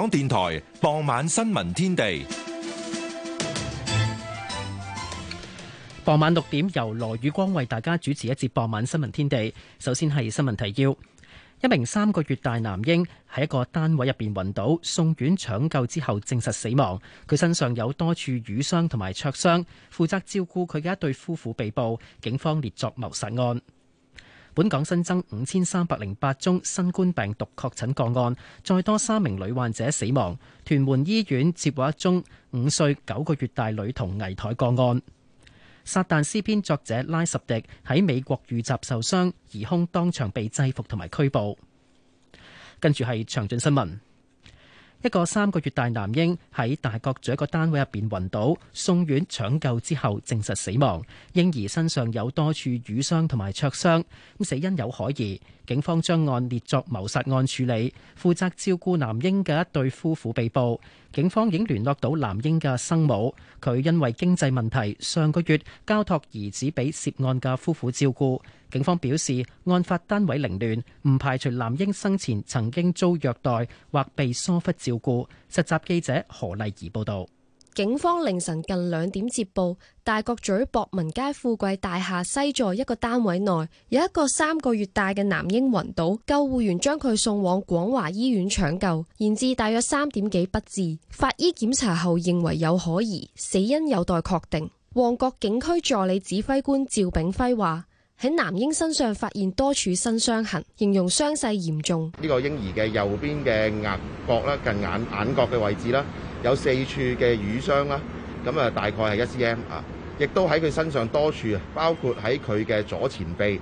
港電台傍晚新聞天地。傍晚六點，由羅宇光為大家主持一節傍晚新聞天地。首先係新聞提要：一名三個月大男嬰喺一個單位入邊暈倒，送院搶救之後證實死亡。佢身上有多處瘀傷同埋灼傷。負責照顧佢嘅一對夫婦被捕，警方列作謀殺案。本港新增五千三百零八宗新冠病毒確診個案，再多三名女患者死亡。屯門醫院接獲一宗五歲九個月大女童危殆個案。《撒旦詩篇》作者拉什迪喺美國遇襲受傷，疑兇當場被制服同埋拘捕。跟住係詳盡新聞。一個三個月大男嬰喺大角咀一個單位入邊暈倒，送院搶救之後證實死亡。嬰兒身上有多處瘀傷同埋灼傷，咁死因有可疑。警方將案列作謀殺案處理，負責照顧男嬰嘅一對夫婦被捕。警方已經聯絡到男嬰嘅生母，佢因為經濟問題，上個月交託兒子俾涉案嘅夫婦照顧。警方表示，案發單位凌亂，唔排除男嬰生前曾經遭虐待或被疏忽照顧。實習記者何麗儀報道。警方凌晨近兩點接報，大角咀博文街富貴大廈西座一個單位內有一個三個月大嘅男嬰暈倒，救護員將佢送往廣華醫院搶救，延至大約三點幾不治。法醫檢查後認為有可疑，死因有待確定。旺角警區助理指揮官趙炳輝話。喺男嬰身上發現多處新傷痕，形容傷勢嚴重。呢個嬰兒嘅右邊嘅額角咧，近眼眼角嘅位置啦，有四處嘅瘀傷啦。咁啊，大概係一 cm 啊，亦都喺佢身上多處，包括喺佢嘅左前臂，誒、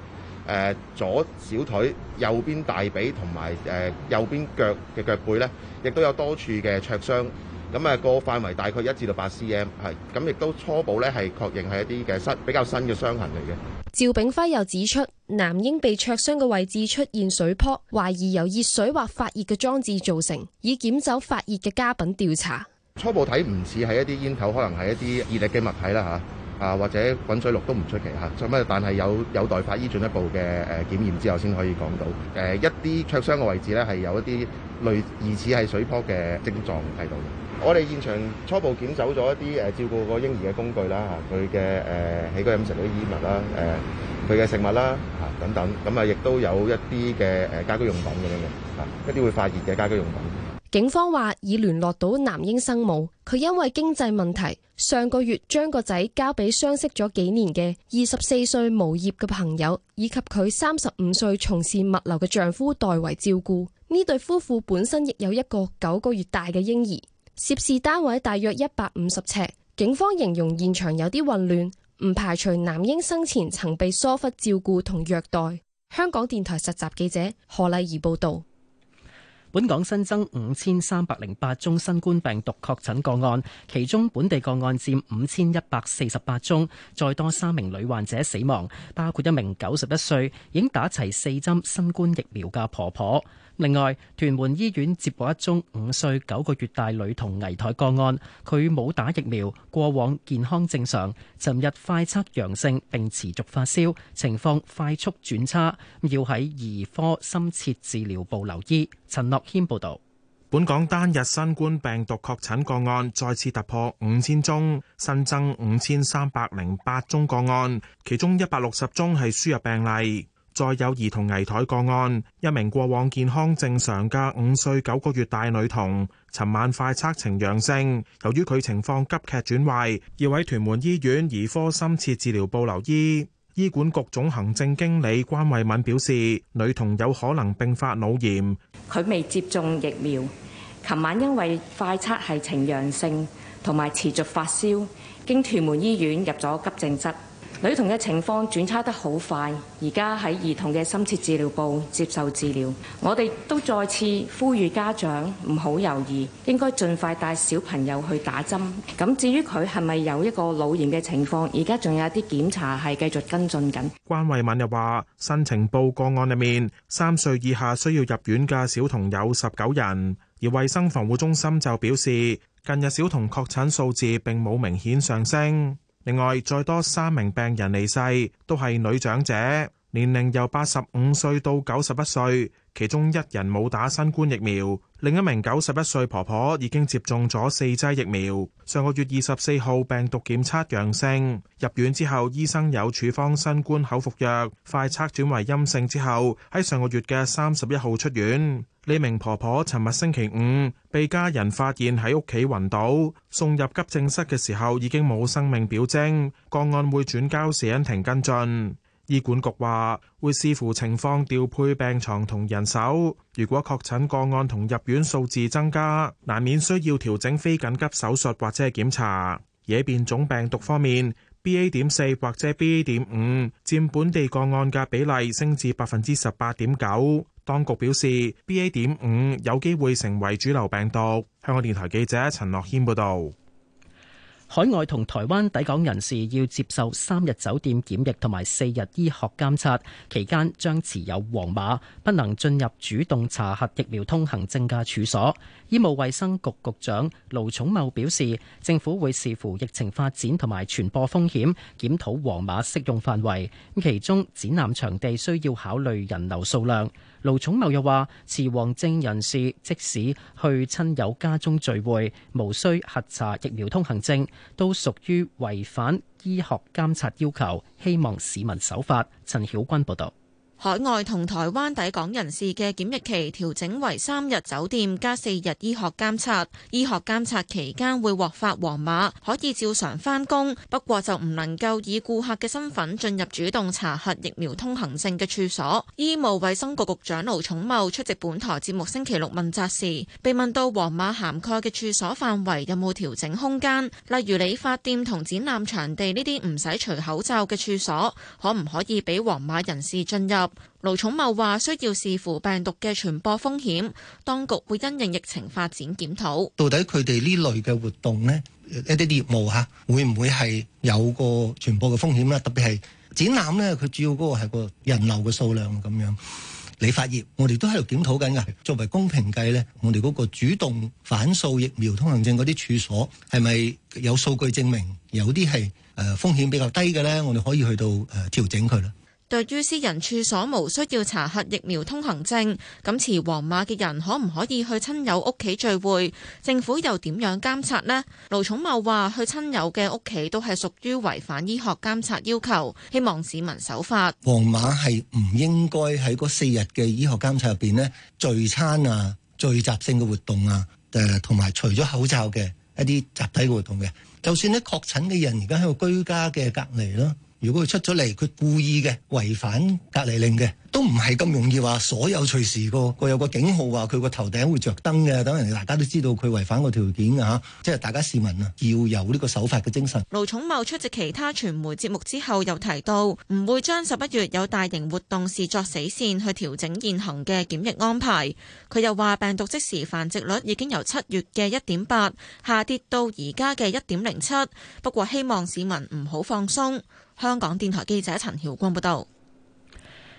啊、左小腿、右邊大髀同埋誒右邊腳嘅腳背咧，亦都有多處嘅灼傷。咁誒個範圍大概一至到八 cm，係咁亦都初步咧係確認係一啲嘅新比較新嘅傷痕嚟嘅。趙炳輝又指出，男嬰被灼傷嘅位置出現水泡，懷疑由熱水或發熱嘅裝置造成，已檢走發熱嘅家品調查。初步睇唔似係一啲煙頭，可能係一啲熱力嘅物體啦嚇。啊啊，或者滾水燙都唔出奇嚇，咁咧但係有有待法醫進一步嘅誒檢驗之後先可以講到。誒、呃、一啲灼傷嘅位置咧係有一啲類疑似係水泡嘅症狀睇到嘅。我哋現場初步檢走咗一啲誒照顧個嬰兒嘅工具啦，嚇佢嘅誒起居飲食嗰啲衣物啦，誒佢嘅食物啦，嚇等等。咁啊亦都有一啲嘅誒家居用品咁樣嘅，嚇一啲會發熱嘅家居用品。警方話已聯絡到男嬰生母，佢因為經濟問題，上個月將個仔交俾相識咗幾年嘅二十四歲無業嘅朋友，以及佢三十五歲從事物流嘅丈夫代為照顧。呢對夫婦本身亦有一個九個月大嘅嬰兒。涉事單位大約一百五十尺，警方形容現場有啲混亂，唔排除男嬰生前曾被疏忽照顧同虐待。香港電台實習記者何麗儀報道。本港新增五千三百零八宗新冠病毒確診個案，其中本地個案佔五千一百四十八宗，再多三名女患者死亡，包括一名九十一歲已經打齊四針新冠疫苗嘅婆婆。另外，屯門醫院接獲一宗五歲九個月大女童危殆個案，佢冇打疫苗，過往健康正常，尋日快測陽性並持續發燒，情況快速轉差，要喺兒科深切治療部留醫。陳樂謙報道。本港單日新冠病毒確診個案再次突破五千宗，新增五千三百零八宗個案，其中一百六十宗係輸入病例。再有兒童危殆個案，一名過往健康正常嘅五歲九個月大女童，尋晚快測呈陽性，由於佢情況急劇轉壞，要喺屯門醫院兒科深切治療部留醫。醫管局總行政經理關慧敏表示，女童有可能並發腦炎，佢未接種疫苗，尋晚因為快測係呈陽性同埋持續發燒，經屯門醫院入咗急症室。女童嘅情況轉差得好快，而家喺兒童嘅深切治療部接受治療。我哋都再次呼籲家長唔好猶豫，應該盡快帶小朋友去打針。咁至於佢係咪有一個腦炎嘅情況，而家仲有啲檢查係繼續跟進緊。關惠敏又話：新呈報個案入面，三歲以下需要入院嘅小童有十九人。而衛生防護中心就表示，近日小童確診數字並冇明顯上升。另外，再多三名病人離世，都係女長者，年齡由八十五歲到九十一歲。其中一人冇打新冠疫苗，另一名九十一歲婆婆已經接種咗四劑疫苗。上個月二十四號病毒檢測陽性，入院之後醫生有處方新冠口服藥，快測轉為陰性之後，喺上個月嘅三十一號出院。呢名婆婆尋日星期五被家人發現喺屋企暈倒，送入急症室嘅時候已經冇生命表徵，個案會轉交死因庭跟進。醫管局話會視乎情況調配病床同人手，如果確診個案同入院數字增加，難免需要調整非緊急手術或者檢查。而變種病毒方面，BA.4 或者 BA.5 佔本地個案嘅比例升至百分之十八點九。當局表示，BA.5 有機會成為主流病毒。香港電台記者陳樂謙報道。海外同台灣抵港人士要接受三日酒店檢疫同埋四日醫學監察，期間將持有黃碼，不能進入主動查核疫苗通行證嘅處所。醫務衛生局局長盧寵茂表示，政府會視乎疫情發展同埋傳播風險，檢討黃碼適用範圍。其中，展覽場地需要考慮人流數量。盧寵茂又話，持黃證人士即使去親友家中聚會，無需核查疫苗通行證，都屬於違反醫學監察要求。希望市民守法。陳曉君報道。海外同台灣抵港人士嘅檢疫期調整為三日酒店加四日醫學監察，醫學監察期間會獲發黃碼，可以照常返工，不過就唔能夠以顧客嘅身份進入主動查核疫苗通行證嘅處所。醫務衛生局局長盧寵茂出席本台節目星期六問責時，被問到黃碼涵蓋嘅處所範圍有冇調整空間，例如理髮店同展覽場地呢啲唔使除口罩嘅處所，可唔可以俾黃碼人士進入？盧寵茂話，需要視乎病毒嘅傳播風險，當局會因應疫情發展檢討。到底佢哋呢類嘅活動呢，一啲業務吓，會唔會係有個傳播嘅風險呢？特別係展覽呢，佢主要嗰個係個人流嘅數量咁樣。理髮業，我哋都喺度檢討緊噶。作為公平計呢，我哋嗰個主動反掃疫苗通行證嗰啲處所，係咪有數據證明有啲係誒風險比較低嘅呢？我哋可以去到誒調整佢啦。對於私人處所無需要查核疫苗通行證，咁持黃碼嘅人可唔可以去親友屋企聚會？政府又點樣監察呢？盧寵茂話：去親友嘅屋企都係屬於違反醫學監察要求，希望市民守法。黃碼係唔應該喺嗰四日嘅醫學監察入邊咧聚餐啊、聚集性嘅活動啊，誒同埋除咗口罩嘅一啲集體活動嘅，就算啲確診嘅人而家喺度居家嘅隔離咯。如果佢出咗嚟，佢故意嘅違反隔離令嘅，都唔係咁容易話。所有隨時個個有個警號，話佢個頭頂會着燈嘅。等人哋大家都知道佢違反個條件嘅、啊、即係大家市民啊，要有呢個守法嘅精神。盧寵茂出席其他傳媒節目之後，又提到唔會將十一月有大型活動視作死線去調整現行嘅檢疫安排。佢又話病毒即時繁殖率已經由七月嘅一點八下跌到而家嘅一點零七，不過希望市民唔好放鬆。香港電台記者陳曉光報道。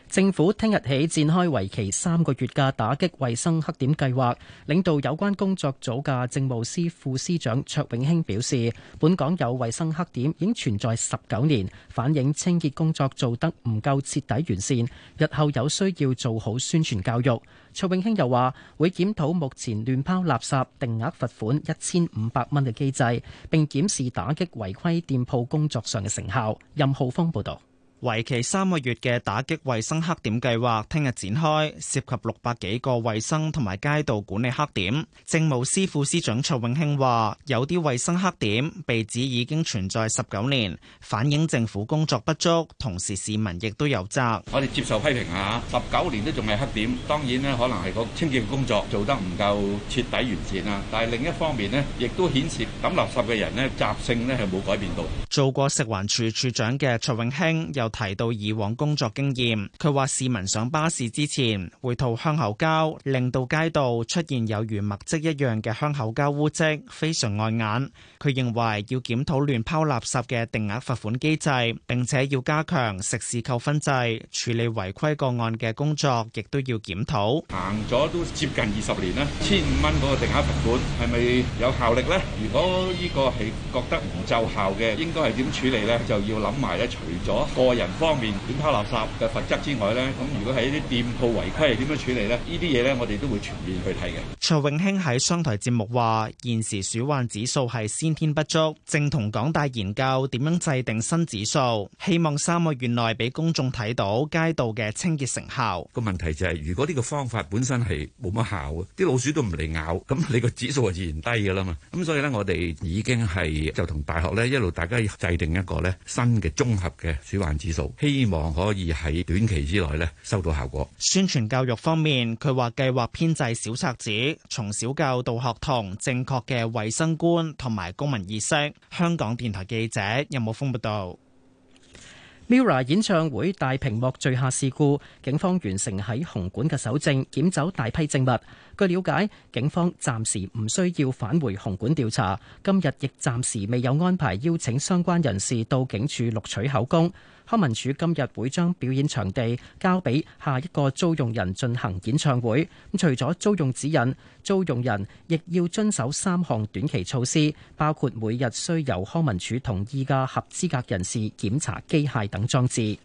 政府聽日起展開為期三個月嘅打擊衛生黑點計劃。領導有關工作組嘅政務司副司長卓永興表示，本港有衛生黑點已經存在十九年，反映清潔工作做得唔夠徹底完善。日後有需要做好宣傳教育。卓永興又話會檢討目前亂拋垃圾定額罰款一千五百蚊嘅機制，並檢視打擊違規店鋪工作上嘅成效。任浩峰報導。為期三個月嘅打擊衛生黑點計劃聽日展開，涉及六百幾個衛生同埋街道管理黑點。政務司副司長卓永興話：有啲衛生黑點被指已經存在十九年，反映政府工作不足，同時市民亦都有責。我哋接受批評啊，十九年都仲係黑點，當然咧可能係個清潔工作做得唔夠徹底、完善啊。但係另一方面咧，亦都顯示抌垃圾嘅人咧，習性咧係冇改變到。做過食環署署長嘅卓永興又。提到以往工作經驗，佢話市民上巴士之前會吐香口膠，令到街道出現有如墨迹一樣嘅香口膠污漬，非常礙眼。佢認為要檢討亂拋垃圾嘅定額罰款機制，並且要加強食肆扣分制，處理違規個案嘅工作亦都要檢討。行咗都接近二十年啦，千五蚊嗰個定額罰款係咪有效力咧？如果呢個係覺得唔奏效嘅，應該，係點處理咧？就要諗埋咧，除咗個。人方面亂拋垃圾嘅罰則之外呢，咁如果喺啲店鋪違規係點樣處理呢？呢啲嘢呢，我哋都會全面去睇嘅。曹永興喺商台節目話：現時鼠患指數係先天不足，正同港大研究點樣制定新指數，希望三個月內俾公眾睇到街道嘅清潔成效。個問題就係，是，如果呢個方法本身係冇乜效嘅，啲老鼠都唔嚟咬，咁你個指數係自然低㗎啦嘛。咁所以呢，我哋已經係就同大學呢一路，大家要制定一個呢新嘅綜合嘅鼠患指數。希望可以喺短期之內咧收到效果。宣傳教育方面，佢話計劃編製小冊子，從小教導學童正確嘅衛生觀同埋公民意識。香港電台記者任武峰報道。MIRROR 演唱會大屏幕墜下事故，警方完成喺紅館嘅搜證，撿走大批證物。據了解，警方暫時唔需要返回紅館調查，今日亦暫時未有安排邀請相關人士到警署錄取口供。康文署今日會將表演場地交俾下一個租用人進行演唱會。除咗租用指引，租用人亦要遵守三項短期措施，包括每日需由康文署同意嘅合資格人士檢查機械等裝置。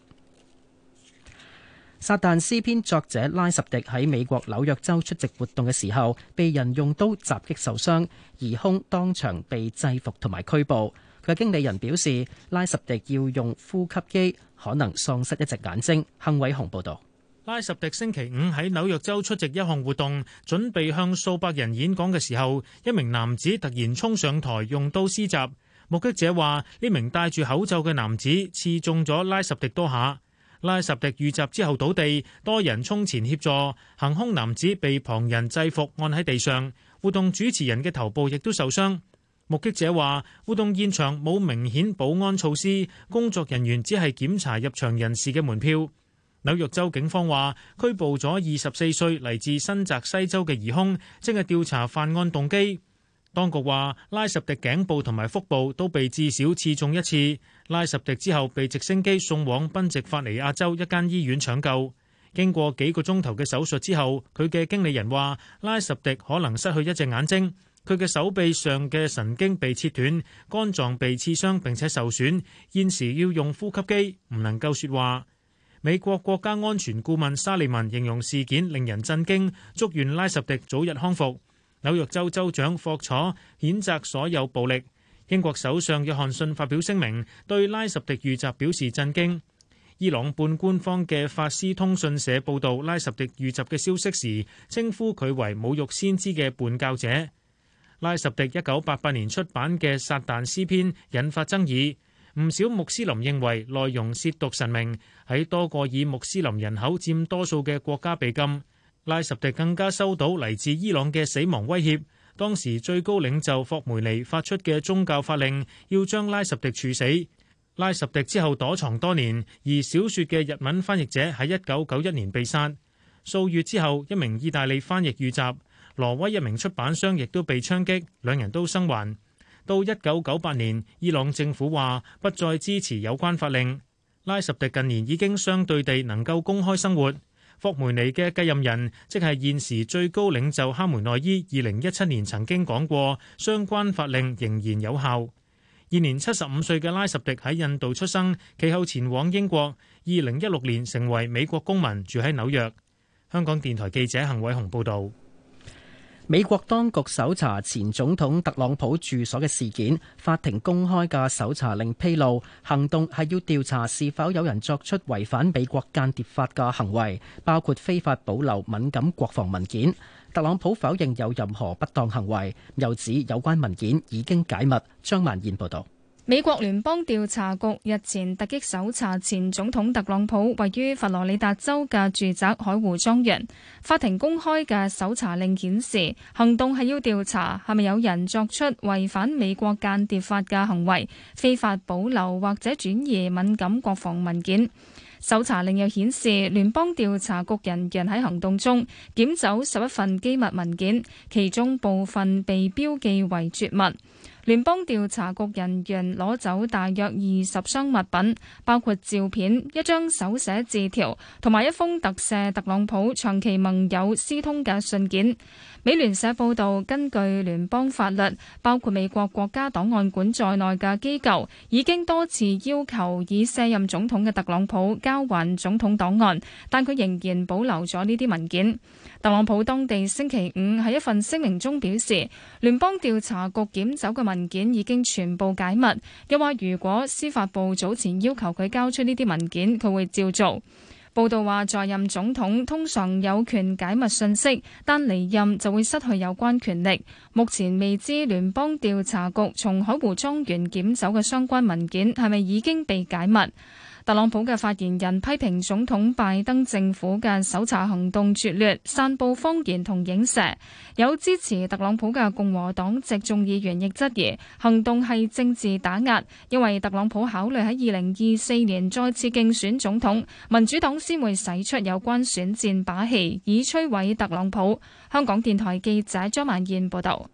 《撒旦詩篇》作者拉什迪喺美國紐約州出席活動嘅時候，被人用刀襲擊受傷，疑兇當場被制服同埋拘捕。佢嘅經理人表示，拉什迪要用呼吸機，可能喪失一隻眼睛。幸偉雄報導。拉什迪星期五喺紐約州出席一項活動，準備向數百人演講嘅時候，一名男子突然衝上台用刀施襲。目擊者話：呢名戴住口罩嘅男子刺中咗拉什迪多下。拉什迪遇襲之後倒地，多人衝前協助，行兇男子被旁人制服按喺地上，活動主持人嘅頭部亦都受傷。目擊者話，活動現場冇明顯保安措施，工作人員只係檢查入場人士嘅門票。紐約州警方話，拘捕咗二十四歲嚟自新澤西州嘅疑兇，正係調查犯案動機。當局話，拉什迪頸部同埋腹部都被至少刺中一次。拉什迪之後被直升機送往賓夕法尼亞州一間醫院搶救。經過幾個鐘頭嘅手術之後，佢嘅經理人話，拉什迪可能失去一隻眼睛。佢嘅手臂上嘅神經被切斷，肝臟被刺傷並且受損，現時要用呼吸機，唔能夠説話。美國國家安全顧問沙利文形容事件令人震驚，祝願拉什迪早日康復。紐約州州長霍楚譴責所有暴力。英國首相約翰遜發表聲明，對拉什迪遇襲表示震驚。伊朗半官方嘅法斯通訊社報導拉什迪遇襲嘅消息時，稱呼佢為侮辱先知嘅叛教者。拉什迪一九八八年出版嘅《撒旦詩篇》引發爭議，唔少穆斯林認為內容褻瀆神明，喺多個以穆斯林人口佔多數嘅國家被禁。拉什迪更加收到嚟自伊朗嘅死亡威脅，當時最高領袖霍梅尼發出嘅宗教法令，要將拉什迪處死。拉什迪之後躲藏多年，而小說嘅日文翻譯者喺一九九一年被殺，數月之後一名意大利翻譯遇襲，挪威一名出版商亦都被槍擊，兩人都生還。到一九九八年，伊朗政府話不再支持有關法令，拉什迪近年已經相對地能夠公開生活。霍梅尼嘅繼任人，即係現時最高領袖哈梅內伊，二零一七年曾經講過，相關法令仍然有效。現年七十五歲嘅拉什迪喺印度出生，其後前往英國，二零一六年成為美國公民，住喺紐約。香港電台記者幸偉雄報道。美國當局搜查前總統特朗普住所嘅事件，法庭公開嘅搜查令披露，行動係要調查是否有人作出違反美國間諜法嘅行為，包括非法保留敏感國防文件。特朗普否認有任何不當行為，又指有關文件已經解密。張曼燕報道。美國聯邦調查局日前突擊搜查前總統特朗普位於佛羅里達州嘅住宅海湖莊園。法庭公開嘅搜查令顯示，行動係要調查係咪有人作出違反美國間諜法嘅行為，非法保留或者轉移敏感國防文件。搜查令又顯示，聯邦調查局人員喺行動中檢走十一份機密文件，其中部分被標記為絕密。聯邦調查局人員攞走大約二十箱物品，包括照片、一張手寫字條同埋一封特赦特朗普長期盟友斯通嘅信件。美聯社報導，根據聯邦法律，包括美國國家檔案館在內嘅機構已經多次要求已卸任總統嘅特朗普交還總統檔案，但佢仍然保留咗呢啲文件。特朗普當地星期五喺一份聲明中表示，聯邦調查局檢走嘅物。文件已經全部解密，又話如果司法部早前要求佢交出呢啲文件，佢會照做。報道話在任總統通常有權解密信息，但離任就會失去有關權力。目前未知聯邦調查局從海湖莊園檢走嘅相關文件係咪已經被解密。特朗普嘅發言人批評總統拜登政府嘅搜查行動拙劣、散佈謊言同影射。有支持特朗普嘅共和黨籍眾議員亦質疑行動係政治打壓，因為特朗普考慮喺二零二四年再次競選總統，民主黨先會使出有關選戰把戲，以摧毀特朗普。香港電台記者張曼燕報道。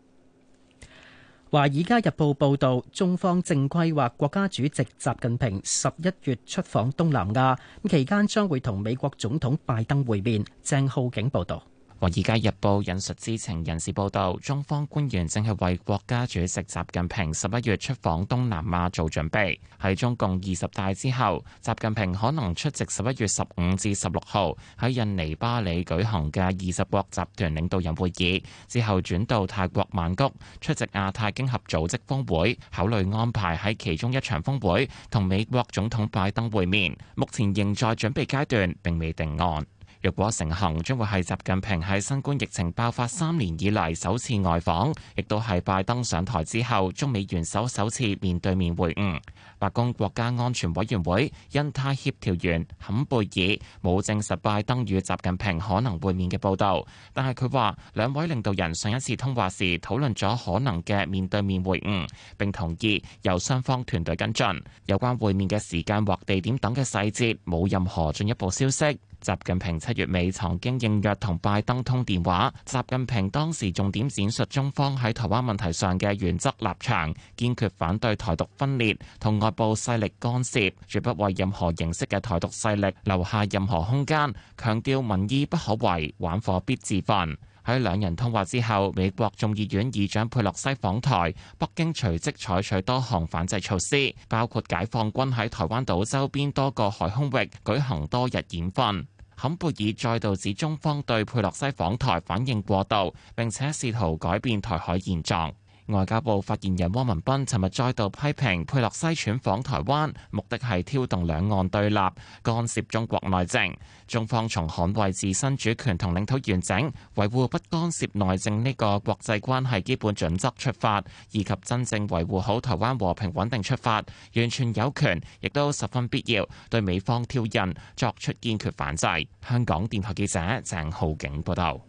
《華爾街日報》報道，中方正規劃國家主席習近平十一月出訪東南亞，期間將會同美國總統拜登會面。鄭浩景報道。《華爾街日報》引述知情人士報道，中方官員正係為國家主席習近平十一月出訪東南亞做準備。喺中共二十大之後，習近平可能出席十一月十五至十六號喺印尼巴里舉行嘅二十國集團領導人會議，之後轉到泰國曼谷出席亞太經合組織峰會，考慮安排喺其中一場峰會同美國總統拜登會面。目前仍在準備階段，並未定案。若果成行，將會係習近平喺新冠疫情爆發三年以嚟，首次外訪，亦都係拜登上台之後，中美元首首次面對面會晤。白宮國家安全委員會印太協調員坎貝爾冇證實拜登與習近平可能會面嘅報道，但係，佢話兩位領導人上一次通話時討論咗可能嘅面對面會晤，並同意由雙方團隊跟進有關會面嘅時間或地點等嘅細節。冇任何進一步消息。習近平七月尾曾經應約同拜登通電話，習近平當時重點闡述中方喺台灣問題上嘅原則立場，堅決反對台獨分裂同外部勢力干涉，絕不為任何形式嘅台獨勢力留下任何空間，強調民意不可違，玩火必自焚。喺兩人通話之後，美國眾議院議長佩洛西訪台，北京隨即採取多項反制措施，包括解放軍喺台灣島周邊多個海空域舉行多日演訓。坎貝爾再度指中方對佩洛西訪台反應過度，並且試圖改變台海現狀。外交部發言人汪文斌尋日再度批評佩洛西竄訪台灣目的係挑動兩岸對立，干涉中國內政。中方從捍衛自身主權同領土完整、維護不干涉內政呢個國際關係基本準則出發，以及真正維護好台灣和平穩定出發，完全有權，亦都十分必要，對美方挑釁作出堅決反制。香港電台記者鄭浩景報道。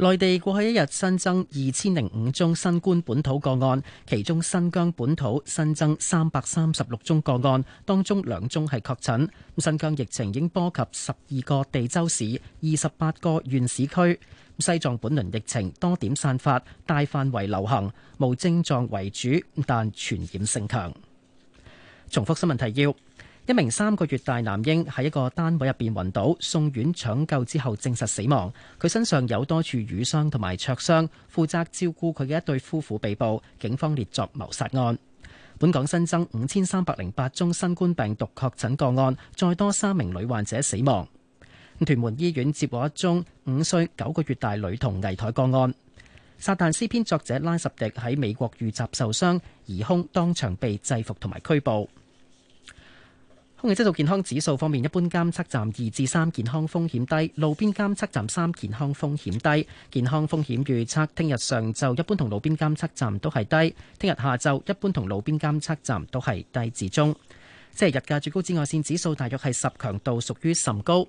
內地過去一日新增二千零五宗新冠本土個案，其中新疆本土新增三百三十六宗個案，當中兩宗係確診。新疆疫情已經波及十二個地州市，二十八個縣市區。西藏本輪疫情多點散發，大範圍流行，無症狀為主，但傳染性強。重複新聞提要。一名三個月大男嬰喺一個單位入邊暈倒，送院搶救之後證實死亡。佢身上有多處瘀傷同埋灼傷。負責照顧佢嘅一對夫婦被捕，警方列作謀殺案。本港新增五千三百零八宗新冠病毒確診個案，再多三名女患者死亡。屯門醫院接獲一宗五歲九個月大女童危殆個案。撒旦詩篇作者拉什迪喺美國遇襲受傷，疑兇當場被制服同埋拘捕。空氣質素健康指數方面，一般監測站二至三，健康風險低；路邊監測站三，健康風險低。健康風險預測，聽日上晝一般同路邊監測站都係低；聽日下晝一般同路邊監測站都係低至中。即係日嘅最高紫外線指數大約係十，強度屬於甚高。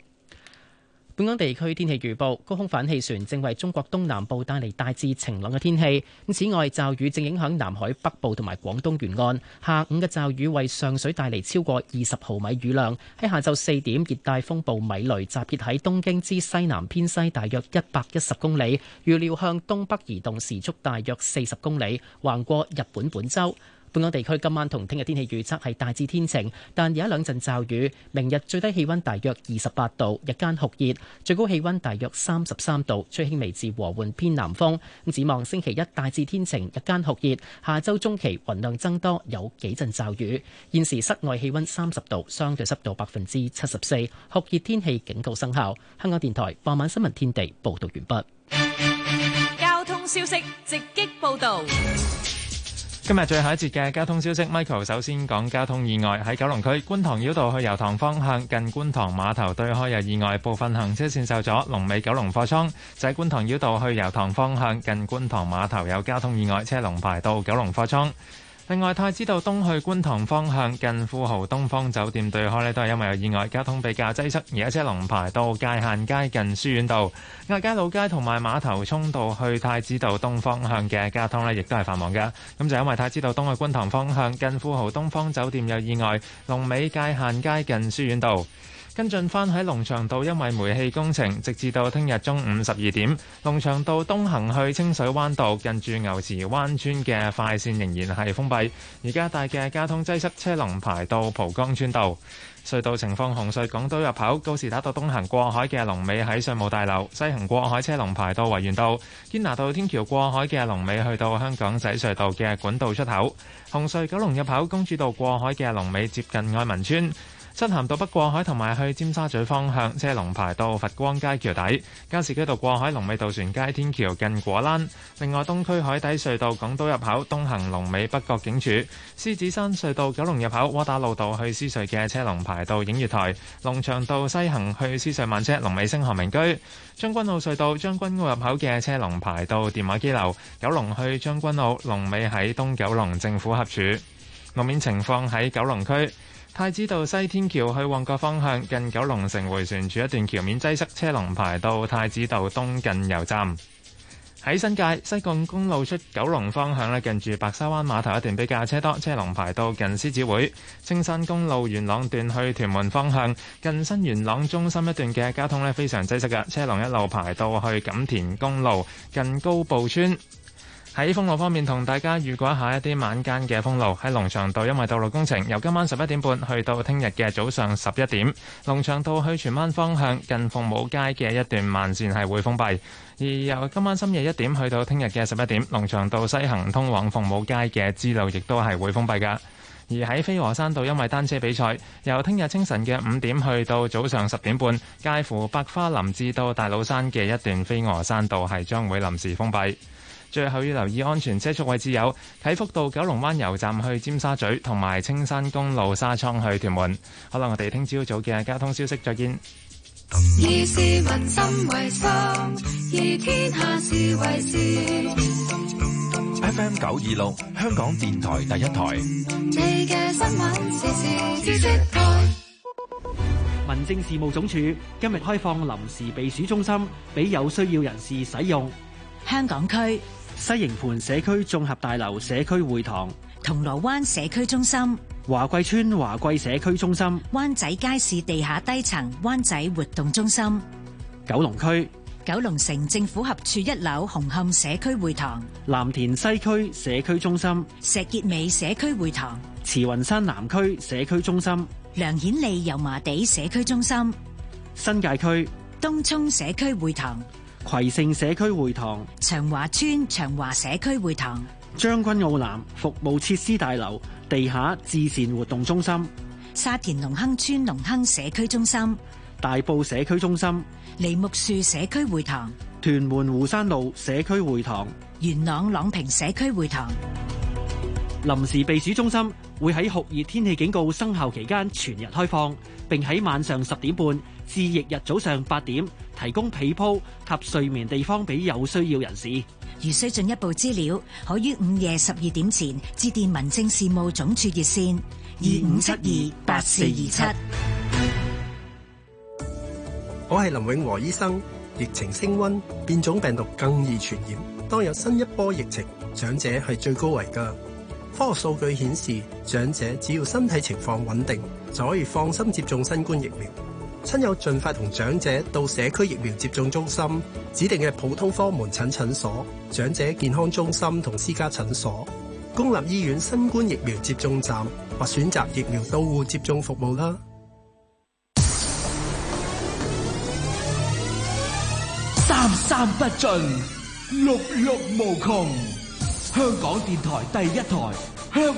本港地區天氣預報，高空反氣旋正為中國東南部帶嚟大致晴朗嘅天氣。此外，驟雨正影響南海北部同埋廣東沿岸。下午嘅驟雨為上水帶嚟超過二十毫米雨量。喺下晝四點，熱帶風暴米雷集結喺東京之西南偏西，大約一百一十公里，預料向東北移動，時速大約四十公里，橫過日本本州。本港地區今晚同聽日天氣預測係大致天晴，但有一兩陣驟雨。明日最低氣温大約二十八度，日間酷熱，最高氣温大約三十三度，吹輕微至和緩偏南風。咁展望星期一大致天晴，日間酷熱。下周中期雲量增多，有幾陣驟雨。現時室外氣温三十度，相對濕度百分之七十四，酷熱天氣警告生效。香港電台傍晚新聞天地報道完畢。交通消息直擊報導。今日最後一節嘅交通消息，Michael 首先講交通意外。喺九龍區觀塘繞道去油塘方向近觀塘碼頭對開有意外，部分行車綫受阻，龍尾九龍貨倉。就喺、是、觀塘繞道去油塘方向近觀塘碼頭有交通意外，車龍排到九龍貨倉。另外，太子道東去觀塘方向近富豪東方酒店對開咧，都係因為有意外，交通比較擠塞，而家車龍排到界限街近書院道。亞皆老街同埋馬頭圍道去太子道東方向嘅交通咧，亦都係繁忙嘅。咁就因為太子道東去觀塘方向近富豪東方酒店有意外，龍尾界限街近書院道。跟進返喺龍翔道，因為煤氣工程，直至到聽日中午十二點。龍翔道東行去清水灣道，近住牛池灣村嘅快線仍然係封閉。而加大嘅交通擠塞，車龍排到蒲崗村道。隧道情況：紅隧港島入口，告士打道東行過海嘅龍尾喺稅務大樓；西行過海車龍排到維園道。堅拿道天橋過海嘅龍尾去到香港仔隧道嘅管道出口。紅隧九龍入口，公主道過海嘅龍尾接近愛民村。西隧道北過海同埋去尖沙咀方向，車龍排到佛光街橋底；加士居道過海，龍尾渡船街天橋近果欄。另外，東區海底隧道港島入口東行，龍尾北角警署；獅子山隧道九龍入口，窩打老道去獅隧嘅車龍排到影月台；龍翔道西行去獅隧慢車，龍尾星河名居；將軍澳隧道將軍澳入口嘅車龍排到電話機樓；九龍去將軍澳，龍尾喺東九龍政府合署。路面情況喺九龍區。太子道西天橋去旺角方向，近九龍城回旋處一段橋面擠塞，車龍排到太子道東近油站。喺新界西貢公路出九龍方向咧，近住白沙灣碼頭一段比較車多，車龍排到近獅子會。青山公路元朗段去屯門方向，近新元朗中心一段嘅交通咧非常擠塞嘅，車龍一路排到去錦田公路近高埔村。喺封路方面，同大家預告一下一啲晚間嘅封路。喺龍翔道，因為道路工程，由今晚十一點半去到聽日嘅早上十一點，龍翔道去荃灣方向近鳳舞街嘅一段慢線係會封閉。而由今晚深夜一點去到聽日嘅十一點，龍翔道西行通往鳳舞街嘅支路亦都係會封閉㗎。而喺飛鵝山道，因為單車比賽，由聽日清晨嘅五點去到早上十點半，介乎百花林至到大老山嘅一段飛鵝山道係將會臨時封閉。最後要留意安全車速位置，有啟福道九龍灣油站去尖沙咀，同埋青山公路沙倉去屯門。好啦，我哋聽朝早嘅交通消息，再見。以市民心為心，以天下事為事。FM 九二六，香港電台第一台。你嘅新聞時時資訊台。民政事務總署今日開放臨時避暑中心，俾有需要人士使用。香港區。西營盤社區綜合大樓社區會堂，銅鑼灣社區中心，華貴村華貴社區中心，灣仔街市地下低層灣仔活動中心，九龍區九龍城政府合署一樓紅磡社區會堂，藍田西區社區中心，石硤尾社區會堂，慈雲山南區社區中心，梁顯利油麻地社區中心，新界區東涌社區會堂。葵盛社區會堂、長華村長華社區會堂、將軍澳南服務設施大樓地下至善活動中心、沙田隆亨村隆亨社區中心、大埔社區中心、梨木樹社區會堂、屯門湖山路社區會堂、元朗朗平社區會堂、臨時避暑中心會喺酷熱天氣警告生效期間全日開放。並喺晚上十點半至翌日早上八點，提供被鋪及睡眠地方俾有需要人士。如需進一步資料，可於午夜十二點前致電民政事務總署熱線二五七二八四二七。我係林永和醫生。疫情升溫，變種病毒更易傳染。當有新一波疫情，長者係最高危㗎。科學數據顯示，長者只要身體情況穩定，就可以放心接種新冠疫苗。親友盡快同長者到社區疫苗接種中心、指定嘅普通科門診診所、長者健康中心同私家診所、公立醫院新冠疫苗接種站或選擇疫苗到戶接種服務啦。三三不盡，六六無窮。香港電台第一台香港。